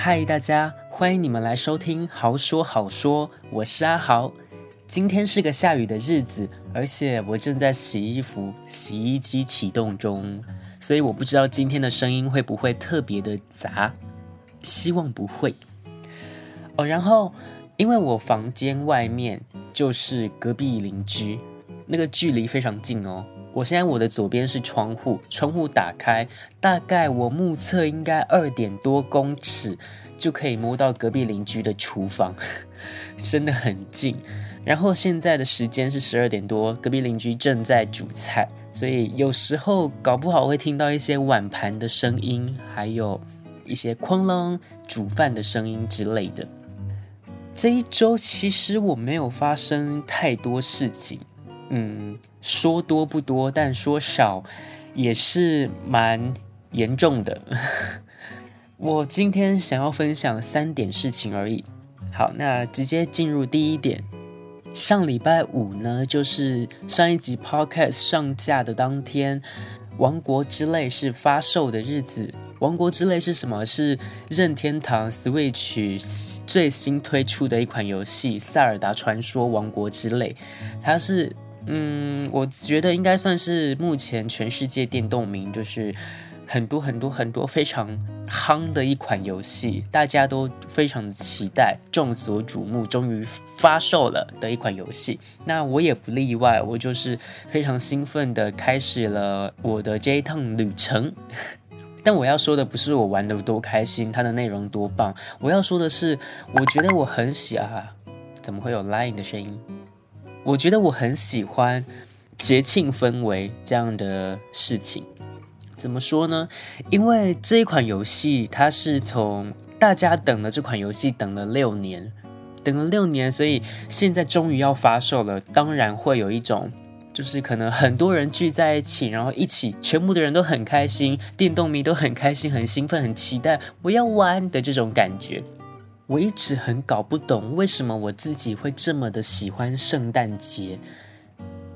嗨，Hi, 大家，歡迎你們來收聽《好說好說》，我是阿豪。今天是個下雨的日子，而且我正在洗衣服，洗衣機啟動中，所以我不知道今天的聲音會不會特別的雜，希望不會。哦，然後因為我房間外面就是隔壁鄰居，那個距離非常近哦。我現在我的左邊是窗戶，窗戶打開，大概我目測應該二點多公尺就可以摸到隔壁鄰居的廚房，呵呵，真的很近。然後現在的時間是十二點多，隔壁鄰居正在煮菜，所以有時候搞不好會聽到一些碗盤的聲音，還有一些哐啷煮飯的聲音之類的。這一周其實我沒有發生太多事情。嗯，說多不多，但說少，也是蠻嚴重的。 我今天想要分享三點事情而已。好，那直接進入第一點。上禮拜五呢，就是上一集 Podcast 上架的當天，《王國之淚》是發售的日子。《王國之淚》是什麼？是任天堂 Switch 最新推出的一款遊戲《塞爾達傳說：王國之淚》，它是。嗯，我覺得應該算是目前全世界電動迷，就是很多很多很多非常夯的一款遊戲，大家都非常期待，眾所矚目，終於發售了的一款遊戲。那我也不例外，我就是非常興奮地開始了我的這一趟旅程。但我要說的不是我玩得多開心，它的內容多棒。我要說的是，我覺得我很喜啊。怎麼會有 line 的聲音？我覺得我很喜歡節慶氛圍這樣的事情，怎麼說呢？因為這一款遊戲，它是從大家等了這款遊戲等了六年，等了六年，所以現在終於要發售了，當然會有一種就是可能很多人聚在一起，然後一起全部的人都很開心，電動迷都很開心、很興奮、很期待我要玩的這種感覺。我一直很搞不懂為什麼我自己會這麼的喜歡聖誕節。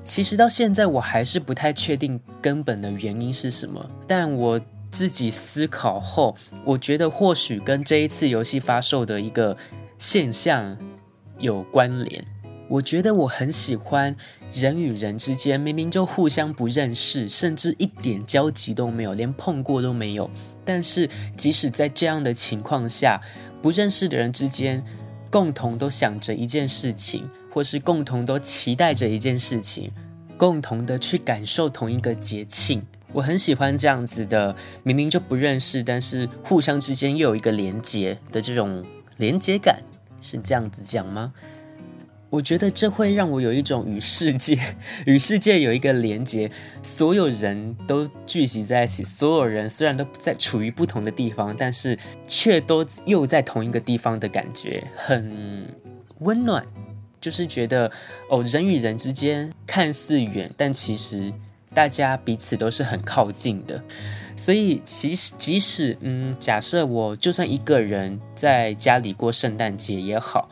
其實到現在我還是不太確定根本的原因是什麼。但我自己思考後，我覺得或許跟這一次遊戲發售的一個現象有關聯。我覺得我很喜歡人與人之間明明就互相不認識，甚至一點交集都沒有，連碰過都沒有。但是即使在這樣的情況下，不認識的人之間，共同都想着一件事情，或是共同都期待着一件事情，共同的去感受同一個節慶。我很喜歡這樣子的，明明就不認識，但是互相之間又有一個連結的這種連結感，是這樣子講嗎？我覺得這會讓我有一種與世界、與世界有一個連結。所有人都聚集在一起，所有人雖然都在處於不同的地方，但是卻都又在同一個地方的感覺，很溫暖。就是覺得哦，人與人之間看似遠，但其實大家彼此都是很靠近的。所以其，其實即使嗯，假設我就算一個人在家裡過聖誕節也好。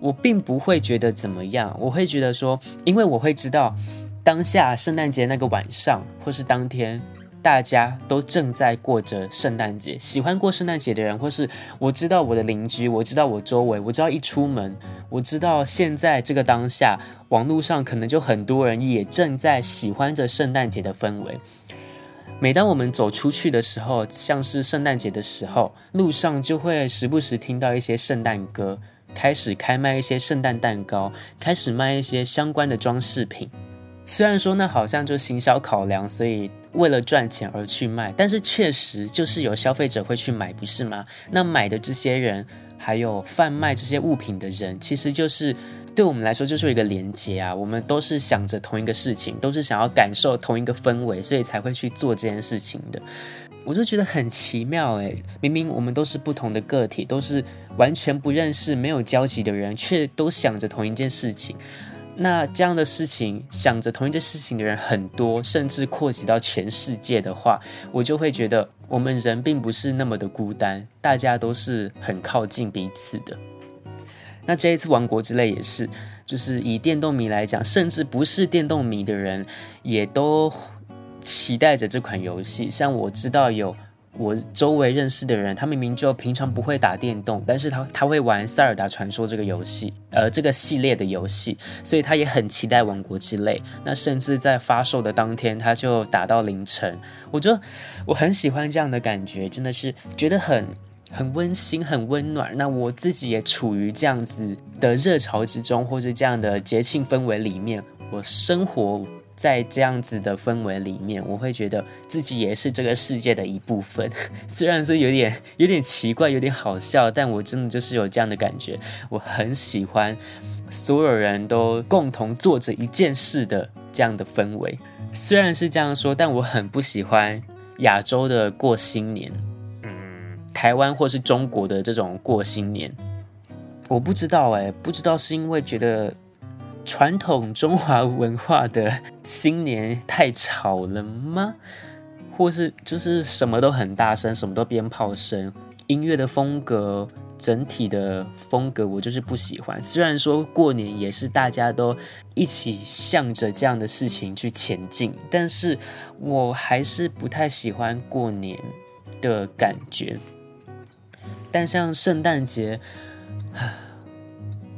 我並不會覺得怎麼樣，我會覺得說，因為我會知道，當下聖誕節那個晚上或是當天，大家都正在過着聖誕節，喜歡過聖誕節的人，或是我知道我的鄰居，我知道我週圍，我知道一出門，我知道現在這個當下，網絡上可能就很多人也正在喜歡着聖誕節的氛圍。每當我們走出去的時候，像是聖誕節的時候，路上就會時不時聽到一些聖誕歌。開始開賣一些聖誕蛋糕，開始賣一些相關的裝飾品。雖然說那好像就行銷考量，所以為了賺錢而去賣，但是確實就是有消費者會去買，不是嗎？那買的這些人，還有販賣這些物品的人，其實就是對我們來說就是一個連接啊。我們都是想着同一個事情，都是想要感受同一個氛圍，所以才會去做這件事情的。我就覺得很奇妙誒，明明我們都是不同的個體，都是完全不認識、沒有交集的人，卻都想着同一件事情。那這樣的事情，想着同一件事情的人很多，甚至擴及到全世界的話，我就會覺得我們人並不是那麼的孤單，大家都是很靠近彼此的。那這一次王國之淚也是，就是以電動迷來講，甚至不是電動迷的人也都。期待着這款遊戲，像我知道有我周圍認識的人，他明明就平常不會打電動，但是他他會玩《塞爾達傳說》這個遊戲，呃，這個系列的遊戲，所以他也很期待《王國之淚》。那甚至在發售的當天，他就打到凌晨。我覺得我很喜歡這樣的感覺，真的是覺得很很溫馨、很溫暖。那我自己也處於這樣子的熱潮之中，或是這樣的節慶氛圍裡面，我生活。在這樣子的氛圍裡面，我會覺得自己也是這個世界的一部分。雖然是有點有點奇怪，有點好笑，但我真的就是有這樣的感覺。我很喜歡所有人都共同做着一件事的這樣的氛圍。雖然是這樣說，但我很不喜歡亞洲的過新年，嗯，台灣或是中國的這種過新年。我不知道哎、欸，不知道是因為覺得。傳統中華文化的新年太吵了嗎？或是就是什麼都很大聲，什麼都鞭炮聲，音樂的風格，整體的風格，我就是不喜歡。雖然說過年也是大家都一起向着這樣的事情去前進，但是我還是不太喜歡過年的感覺。但像聖誕節，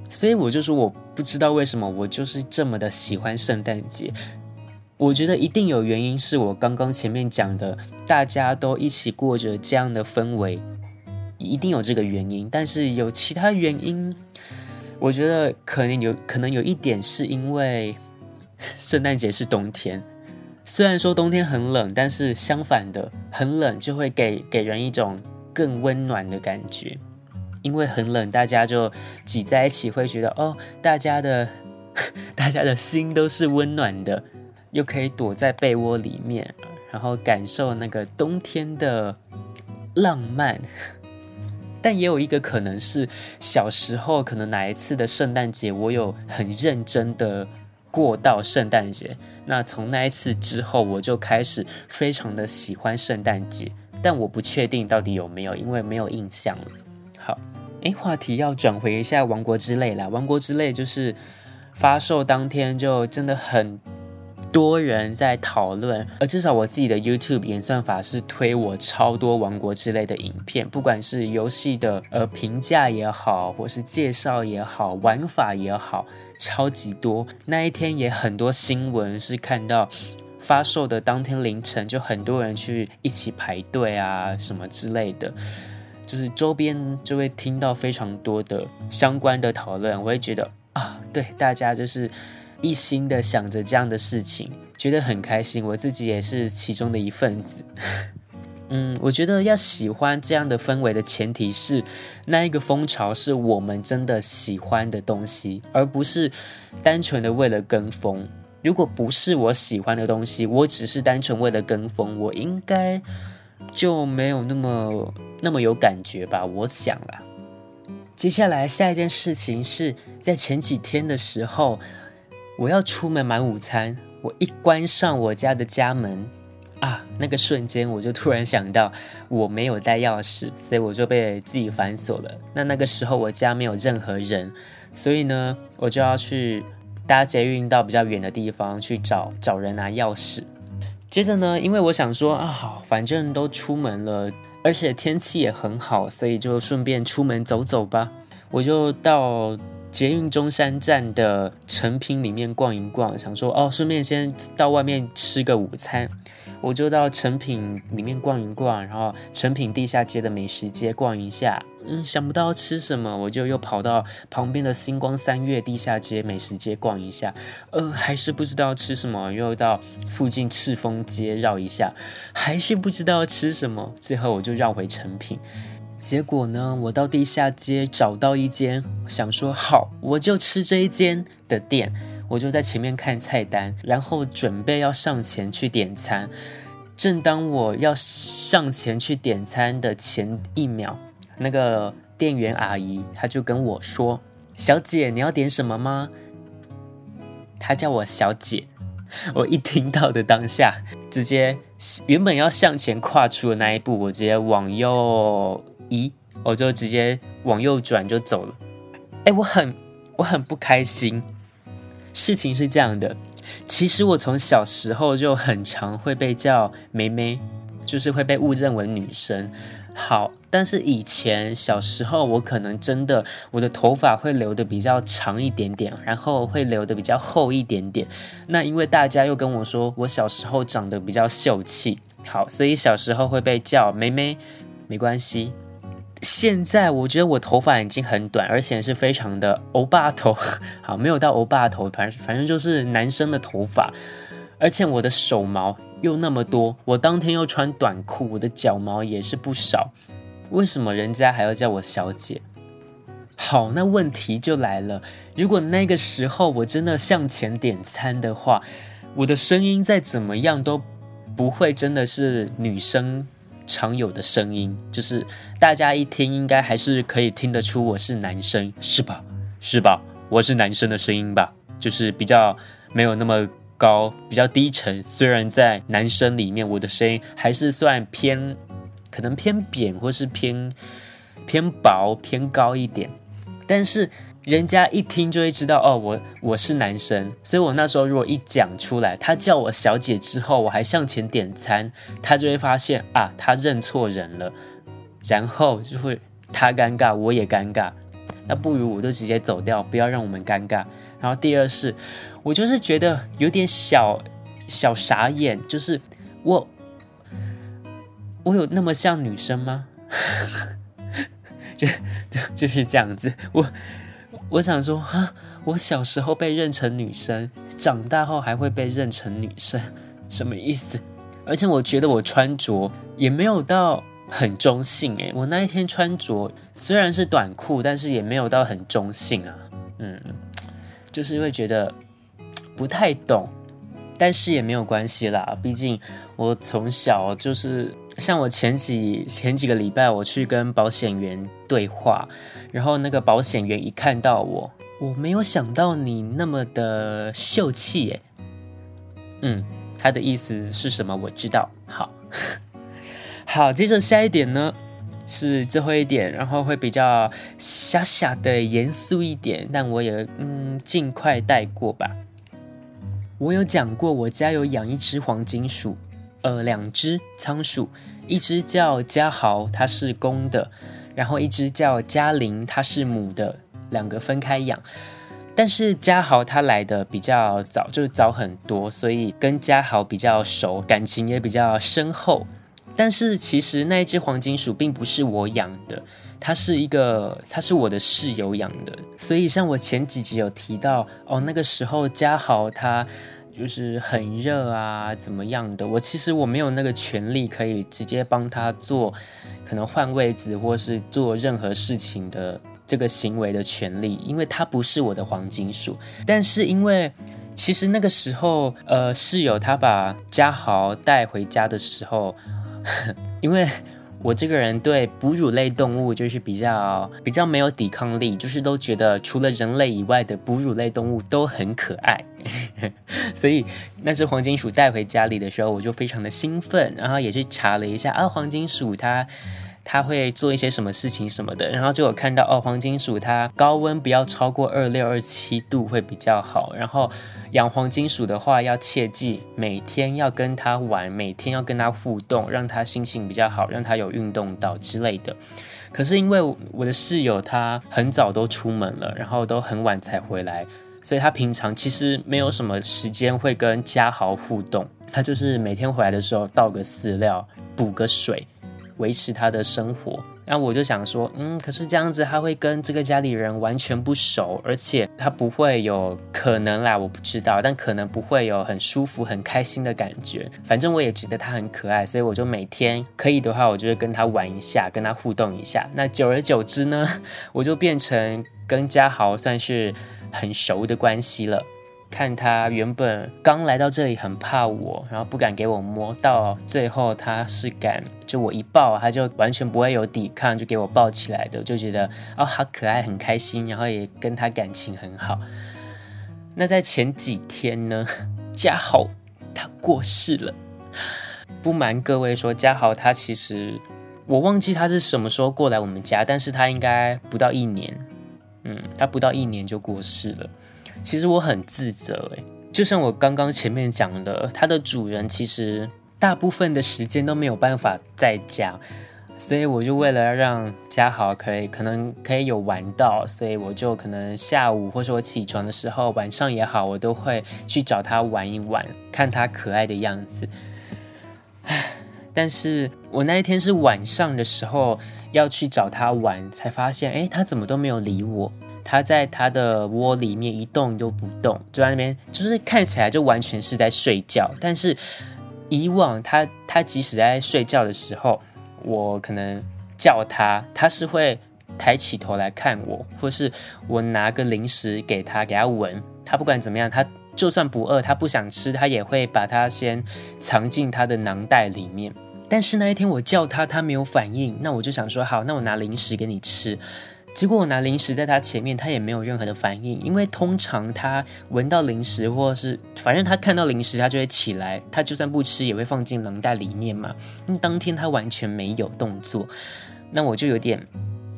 所以我就是我。不知道為什麼我就是這麼的喜歡聖誕節，我覺得一定有原因，是我剛剛前面講的，大家都一起過着這樣的氛圍，一定有這個原因。但是有其他原因，我覺得可能有可能有一點是因為聖誕節是冬天，雖然說冬天很冷，但是相反的很冷就會給給人一種更溫暖的感覺。因為很冷，大家就擠在一起，會覺得哦，大家的大家的心都是溫暖的，又可以躲在被窩裡面，然後感受那個冬天的浪漫。但也有一個可能是小時候，可能哪一次的聖誕節我有很認真的過到聖誕節，那從那一次之後，我就開始非常的喜歡聖誕節。但我不確定到底有沒有，因為沒有印象了。誒，話題要轉回一下《王國之淚》啦，《王國之淚》就是發售當天就真的很多人在討論，而至少我自己的 YouTube 演算法，是推我超多《王國之淚》的影片，不管是遊戲的呃評價也好，或是介紹也好，玩法也好，超級多。那一天也很多新聞是看到發售的當天凌晨就很多人去一起排隊啊什麼之類的。就是週邊就會聽到非常多的相關的討論，我會覺得啊，對，大家就是一心的想着這樣的事情，覺得很開心。我自己也是其中的一份子。 嗯，我覺得要喜歡這樣的氛圍的前提是，那一個風潮是我們真的喜歡的東西，而不是單純的為了跟風。如果不是我喜歡的東西，我只是單純為了跟風，我應該。就沒有那麼那麼有感覺吧，我想啦。接下來下一件事情是在前幾天的時候，我要出門買午餐，我一關上我家的家門啊，那個瞬間我就突然想到我沒有帶鑰匙，所以我就被自己反鎖了。那那個時候我家沒有任何人，所以呢，我就要去搭捷運到比較遠的地方去找找人拿鑰匙。接着呢，因為我想說啊，好，反正都出門了，而且天氣也很好，所以就順便出門走走吧。我就到捷運中山站的誠品裡面逛一逛，想說哦，順便先到外面吃個午餐。我就到誠品裡面逛一逛，然後誠品地下街的美食街逛一下。嗯，想不到吃什麼，我就又跑到旁邊的新光三越地下街美食街逛一下。呃，還是不知道吃什麼，又到附近赤峰街繞一下，還是不知道吃什麼。最後我就繞回誠品，結果呢，我到地下街找到一間，想說好，我就吃這一間的店。我就在前面看菜單，然後準備要上前去點餐。正當我要上前去點餐的前一秒，那個店員阿姨她就跟我說：“小姐，你要點什麼嗎？”她叫我小姐，我一聽到的當下，直接原本要向前跨出的那一步，我直接往右移，我就直接往右轉就走了。哎，我很我很不開心。事情是這樣的，其實我從小時候就很常會被叫妹妹，就是會被誤認為女生。好，但是以前小時候我可能真的我的頭髮會留的比較長一點點，然後會留的比較厚一點點。那因為大家又跟我說我小時候長得比較秀氣，好，所以小時候會被叫妹妹，沒關係。現在我覺得我頭髮已經很短，而且是非常的歐巴頭，好，沒有到歐巴頭，反反正就是男生的頭髮，而且我的手毛又那麼多，我當天又穿短褲，我的腳毛也是不少，為什麼人家還要叫我小姐？好，那問題就來了，如果那個時候我真的向前點餐的話，我的聲音再怎麼樣都不會真的是女生。常有的聲音，就是大家一聽應該還是可以聽得出我是男生，是吧？是吧？我是男生的聲音吧，就是比較沒有那麼高，比較低沉。雖然在男生裡面，我的聲音還是算偏，可能偏扁，或是偏偏薄、偏高一點，但是。人家一聽就會知道哦，我我是男生，所以我那時候如果一講出來，他叫我小姐之後，我還向前點餐，他就會發現啊，他認錯人了，然後就會他尷尬，我也尷尬，那不如我就直接走掉，不要讓我們尷尬。然後第二是，我就是覺得有點小小傻眼，就是我我有那麼像女生嗎？ 就就就是這樣子，我。我想說哈，我小時候被認成女生，長大後還會被認成女生，什麼意思？而且我覺得我穿着也沒有到很中性誒，我那一天穿着雖然是短褲，但是也沒有到很中性啊，嗯，就是會覺得不太懂，但是也沒有關係啦，畢竟我從小就是。像我前幾前幾個禮拜，我去跟保險員對話，然後那個保險員一看到我，我沒有想到你那麼的秀氣耶。嗯，他的意思是什麼？我知道。好， 好，接着下一點呢，是最後一點，然後會比較小小的嚴肅一點，但我也嗯盡快帶過吧。我有講過，我家有養一只黃金鼠。呃，兩隻倉鼠，一隻叫家豪，它是公的，然後一隻叫嘉玲，它是母的，兩個分開養。但是家豪它來得比較早，就早很多，所以跟家豪比較熟，感情也比較深厚。但是其實那一隻黃金鼠並不是我養的，它是一個，它是我的室友養的。所以像我前幾集有提到哦，那個時候家豪它。就是很熱啊，怎麼樣的？我其實我沒有那個權利可以直接幫他做，可能換位置或是做任何事情的這個行為的權利，因為他不是我的黃金鼠。但是因為其實那個時候，呃，室友他把家豪帶回家的時候，因為。我這個人對哺乳類動物就是比較比較沒有抵抗力，就是都覺得除了人類以外的哺乳類動物都很可愛， 所以那只黃金鼠帶回家裡的時候，我就非常的興奮，然後也去查了一下，啊，黃金鼠它。他會做一些什麼事情什麼的，然後就有看到哦，黃金鼠它高溫不要超過二六二七度會比較好。然後養黃金鼠的話，要切記每天要跟它玩，每天要跟它互動，讓它心情比較好，讓它有運動到之類的。可是因為我的室友他很早都出門了，然後都很晚才回來，所以他平常其實沒有什麼時間會跟家豪互動。他就是每天回來的時候倒個飼料，補個水。維持他的生活，那我就想說，嗯，可是這樣子他會跟這個家裡人完全不熟，而且他不會有可能啦，我不知道，但可能不會有很舒服、很開心的感覺。反正我也覺得他很可愛，所以我就每天可以的話，我就會跟他玩一下，跟他互動一下。那久而久之呢，我就變成跟家豪算是很熟的關係了。看他原本剛來到這裡很怕我，然後不敢給我摸，到最後他是敢，就我一抱他就完全不會有抵抗，就給我抱起來的，就覺得哦好可愛，很開心，然後也跟他感情很好。那在前幾天呢，家豪他過世了。不瞞各位說，家豪他其實我忘記他是什麼時候過來我們家，但是他應該不到一年，嗯，他不到一年就過世了。其實我很自責哎，就像我剛剛前面講的，它的主人其實大部分的時間都沒有辦法在家，所以我就為了讓家豪可以可能可以有玩到，所以我就可能下午或者我起床的時候，晚上也好，我都會去找它玩一玩，看它可愛的樣子。唉，但是我那一天是晚上的時候要去找它玩，才發現，哎，它怎麼都沒有理我。他在他的窩裡面一動都不動，就在那邊，就是看起來就完全是在睡覺。但是以往他他即使在睡覺的時候，我可能叫他，他是會抬起頭來看我，或是我拿個零食給他給他聞。他不管怎麼樣，他就算不餓，他不想吃，他也會把它先藏進他的囊袋裡面。但是那一天我叫他，他沒有反應，那我就想說好，那我拿零食給你吃。結果我拿零食在他前面，他也沒有任何的反應。因為通常他聞到零食，或是反正他看到零食，他就會起來。他就算不吃，也會放進囊袋裡面嘛。那當天他完全沒有動作，那我就有點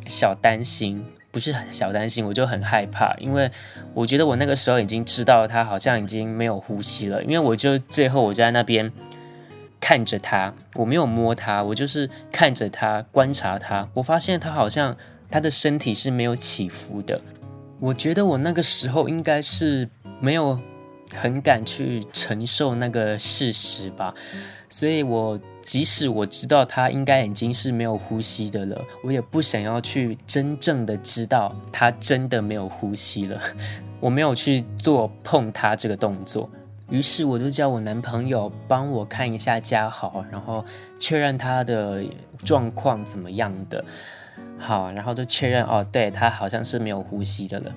小擔心，不是很小擔心，我就很害怕。因為我覺得我那個時候已經知道他好像已經沒有呼吸了。因為我就最後我就在那邊看着他，我沒有摸他，我就是看着他、觀察他。我發現他好像。他的身體是沒有起伏的，我覺得我那個時候應該是沒有很敢去承受那個事實吧，所以我即使我知道他應該已經是沒有呼吸的了，我也不想要去真正的知道他真的沒有呼吸了，我沒有去做碰他這個動作，於是我就叫我男朋友幫我看一下家豪，然後確認他的狀況怎麼樣的。好，然後就確認哦，對，他好像是沒有呼吸的了。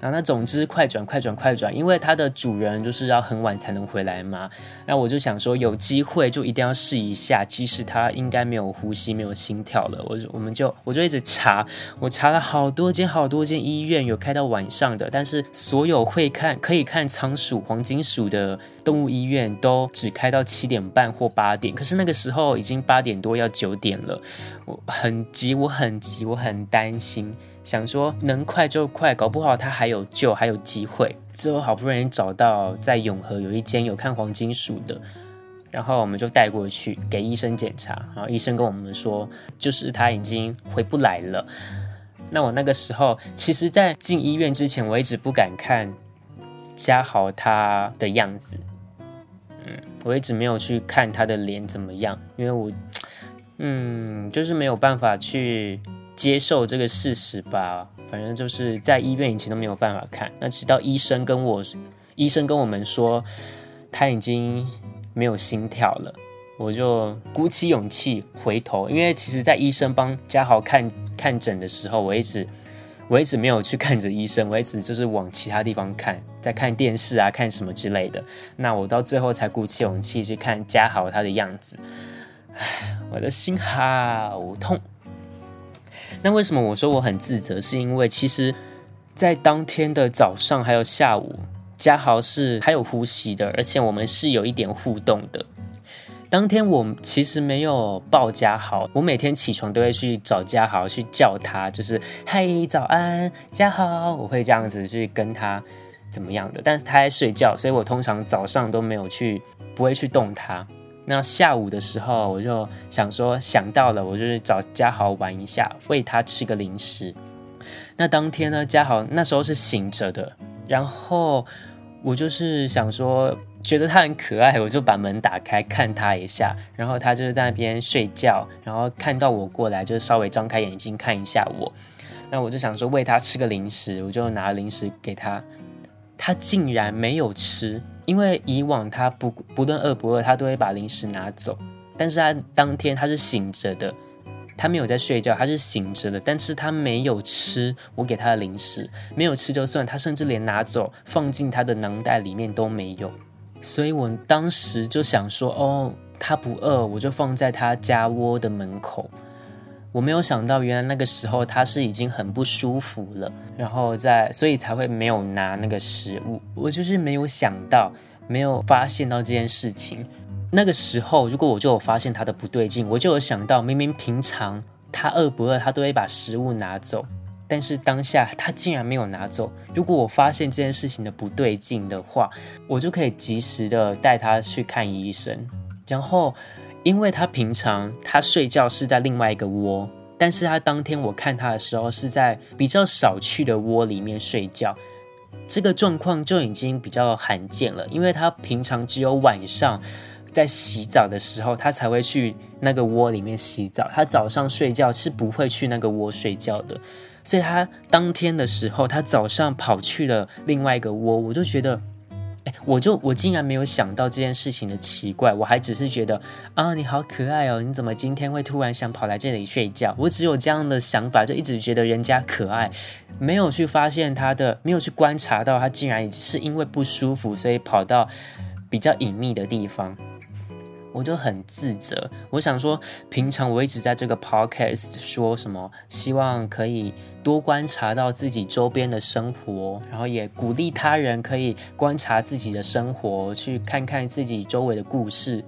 啊，那總之快轉快轉快轉，因為它的主人就是要很晚才能回來嘛。那我就想說，有機會就一定要試一下，其實它應該沒有呼吸、沒有心跳了。我我們就我就一直查，我查了好多間好多間醫院，有開到晚上的，但是所有會看可以看倉鼠、黃金鼠的動物醫院都只開到七點半或八點。可是那個時候已經八點多要九點了，我很急，我很急，我很擔心。想說能快就快，搞不好他還有救，還有機會。之後好不容易找到在永和有一間有看黃金鼠的，然後我們就帶過去給醫生檢查。然後醫生跟我們說，就是他已經回不來了。那我那個時候，其實在進醫院之前，我一直不敢看家豪他的樣子。嗯，我一直沒有去看他的臉怎麼樣，因為我，嗯，就是沒有辦法去。接受這個事實吧，反正就是在醫院以前都沒有辦法看。那直到醫生跟我，醫生跟我們說他已經沒有心跳了，我就鼓起勇氣回頭。因為其實，在醫生幫家豪看看診的時候，我一直我一直沒有去看着醫生，我一直就是往其他地方看，在看電視啊，看什麼之類的。那我到最後才鼓起勇氣去看家豪他的樣子，唉，我的心好痛。那為什麼我說我很自責？是因為其實，在當天的早上還有下午，家豪是還有呼吸的，而且我們是有一點互動的。當天我其實沒有抱家豪，我每天起床都會去找家豪去叫他，就是“嘿，早安，家豪”，我會這樣子去跟他怎麼樣的，但是他在睡覺，所以我通常早上都沒有去，不會去動他。那下午的時候，我就想說想到了，我就是找家豪玩一下，餵他吃個零食。那當天呢，家豪那時候是醒着的，然後我就是想說，覺得他很可愛，我就把門打開看他一下，然後他就是在那邊睡覺，然後看到我過來，就是稍微張開眼睛看一下我。那我就想說餵他吃個零食，我就拿零食給他。他竟然沒有吃，因為以往他不不論餓不餓，他都會把零食拿走。但是他當天他是醒着的，他沒有在睡覺，他是醒着的，但是他沒有吃我給他的零食，沒有吃就算，他甚至連拿走放進他的囊袋裡面都沒有。所以我當時就想說，哦，他不餓，我就放在他家窩的門口。我沒有想到，原來那個時候他是已經很不舒服了，然後在，所以才會沒有拿那個食物。我就是沒有想到，沒有發現到這件事情。那個時候，如果我就有發現他的不對勁，我就有想到，明明平常他餓不餓，他都會把食物拿走，但是當下他竟然沒有拿走。如果我發現這件事情的不對勁的話，我就可以及時的帶他去看醫生，然後。因為他平常他睡覺是在另外一個窩，但是他當天我看他的時候是在比較少去的窩裡面睡覺，這個狀況就已經比較罕見了。因為他平常只有晚上在洗澡的時候，他才會去那個窩裡面洗澡，他早上睡覺是不會去那個窩睡覺的。所以他當天的時候，他早上跑去了另外一個窩，我就覺得。哎，我就我竟然沒有想到這件事情的奇怪，我還只是覺得啊，你好可愛哦，你怎麼今天會突然想跑來這裡睡覺？我只有這樣的想法，就一直覺得人家可愛，沒有去發現他的，沒有去觀察到他竟然是因為不舒服，所以跑到比較隱秘的地方。我就很自責。我想說，平常我一直在這個 podcast 說什麼，希望可以多觀察到自己周邊的生活，然後也鼓勵他人可以觀察自己的生活，去看看自己周圍的故事。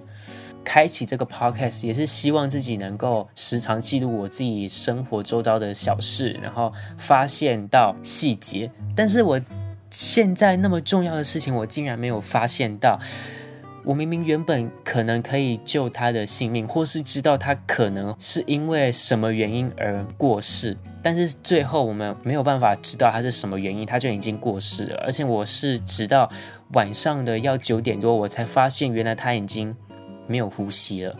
開啟這個 podcast 也是希望自己能夠時常記錄我自己生活周遭的小事，然後發現到細節。但是我現在那麼重要的事情，我竟然沒有發現到。我明明原本可能可以救他的性命，或是知道他可能是因為什麼原因而過世，但是最後我們沒有辦法知道他是什麼原因，他就已經過世了。而且我是直到晚上的要九點多，我才發現原來他已經沒有呼吸了。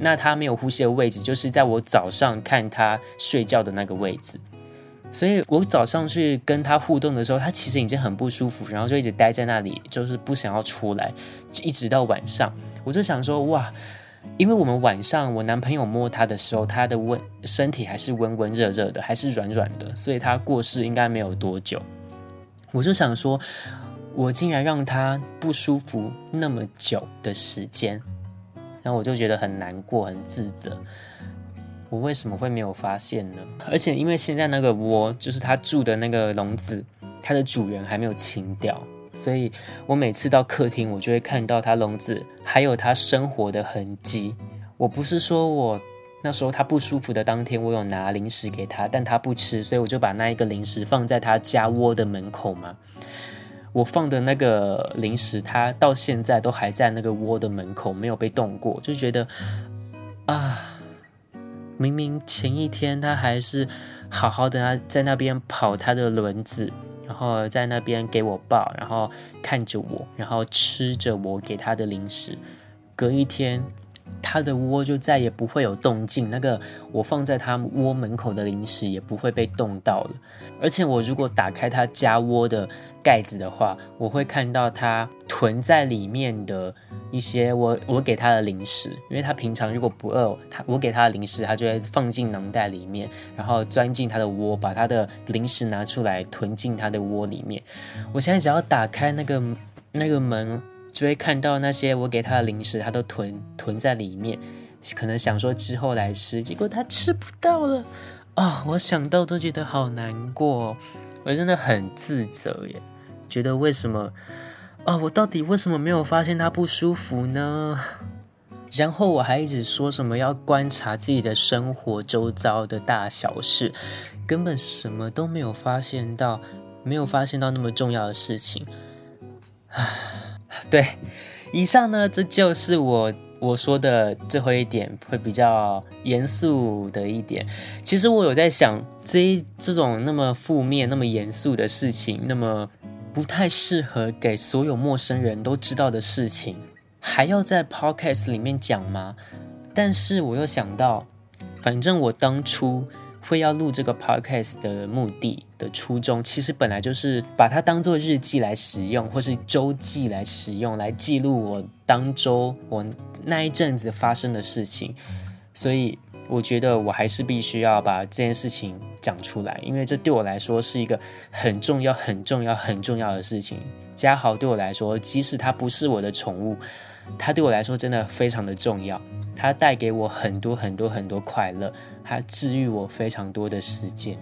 那他沒有呼吸的位置，就是在我早上看他睡覺的那個位置。所以我早上去跟他互動的時候，他其實已經很不舒服，然後就一直待在那裡，就是不想要出來，一直到晚上。我就想說，哇，因為我們晚上我男朋友摸他的時候，他的溫身體還是溫溫熱熱的，還是軟軟的，所以他過世應該沒有多久。我就想說，我竟然讓他不舒服那麼久的時間，然後我就覺得很難過，很自責。我為什麼會沒有發現呢？而且因為現在那個窩就是他住的那個籠子，它的主人還沒有清掉，所以我每次到客廳，我就會看到他籠子還有他生活的痕跡。我不是說我那時候他不舒服的當天，我有拿零食給他，但他不吃，所以我就把那一個零食放在他家窩的門口嘛。我放的那個零食，他到現在都還在那個窩的門口，沒有被動過，就覺得啊。明明前一天他還是好好的在那邊跑他的輪子，然後在那邊給我抱，然後看着我，然後吃着我給他的零食，隔一天。它的窩就再也不會有動靜，那個我放在它窩門口的零食也不會被動到了。而且我如果打開它家窩的蓋子的話，我會看到它囤在裡面的一些我我給它的零食，因為它平常如果不餓，它我給它的零食，它就會放進囊袋裡面，然後鑽進它的窩，把它的零食拿出來囤進它的窩裡面。我現在只要打開那個那個門，就會看到那些我給他的零食，他都囤囤在裡面，可能想說之後來吃，結果他吃不到了，啊、哦。我想到都覺得好難過、哦，我真的很自責耶，覺得為什麼啊、哦？我到底為什麼沒有發現他不舒服呢？然後我還一直說什麼要觀察自己的生活周遭的大小事，根本什麼都沒有發現到，沒有發現到那麼重要的事情，唉。對，以上呢，這就是我我說的最後一點，會比較嚴肅的一點。其實我有在想，這這種那麼負面、那麼嚴肅的事情，那麼不太適合給所有陌生人都知道的事情，還要在 Podcast 裡面講嗎？但是我又想到，反正我當初。會要錄這個 podcast 的目的的初衷，其實本來就是把它當做日記來使用，或是週記來使用，來記錄我當週我那一陣子發生的事情。所以我覺得我還是必須要把這件事情講出來，因為這對我來說是一個很重要、很重要、很重要的事情。家豪對我來說，即使他不是我的寵物。它對我來說真的非常的重要，它帶給我很多很多很多快樂，它治癒我非常多的時間。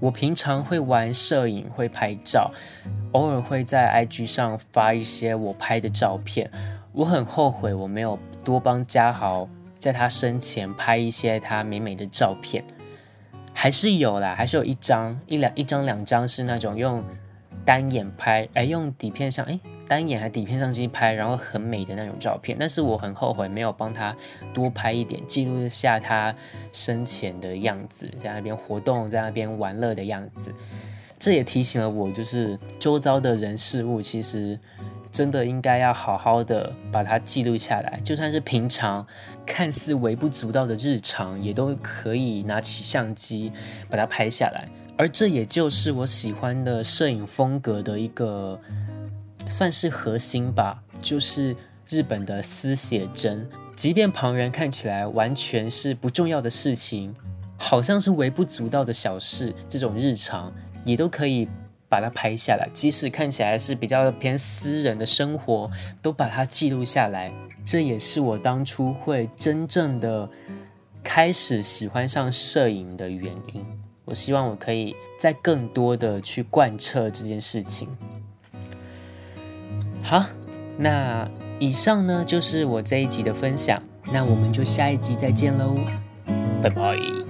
我平常會玩攝影，會拍照，偶爾會在 IG 上發一些我拍的照片。我很後悔我沒有多幫家豪在他生前拍一些他美美的照片，還是有啦，還是有一張，一兩，一張兩張是那種用。單眼拍，哎，用底片上，哎，單眼還底片相機拍，然後很美的那種照片。但是我很後悔沒有幫他多拍一點，記錄下他生前的樣子，在那邊活動，在那邊玩樂的樣子。這也提醒了我，就是周遭的人事物，其實真的應該要好好的把它記錄下來。就算是平常看似微不足道的日常，也都可以拿起相機把它拍下來。而這也就是我喜歡的攝影風格的一個算是核心吧，就是日本的私寫真。即便旁人看起來完全是不重要的事情，好像是微不足道的小事，這種日常也都可以把它拍下來。即使看起來是比較偏私人的生活，都把它記錄下來。這也是我當初會真正的開始喜歡上攝影的原因。我希望我可以再更多的去貫徹這件事情。好，那以上呢，就是我這一集的分享，那我們就下一集再見嘍，拜拜。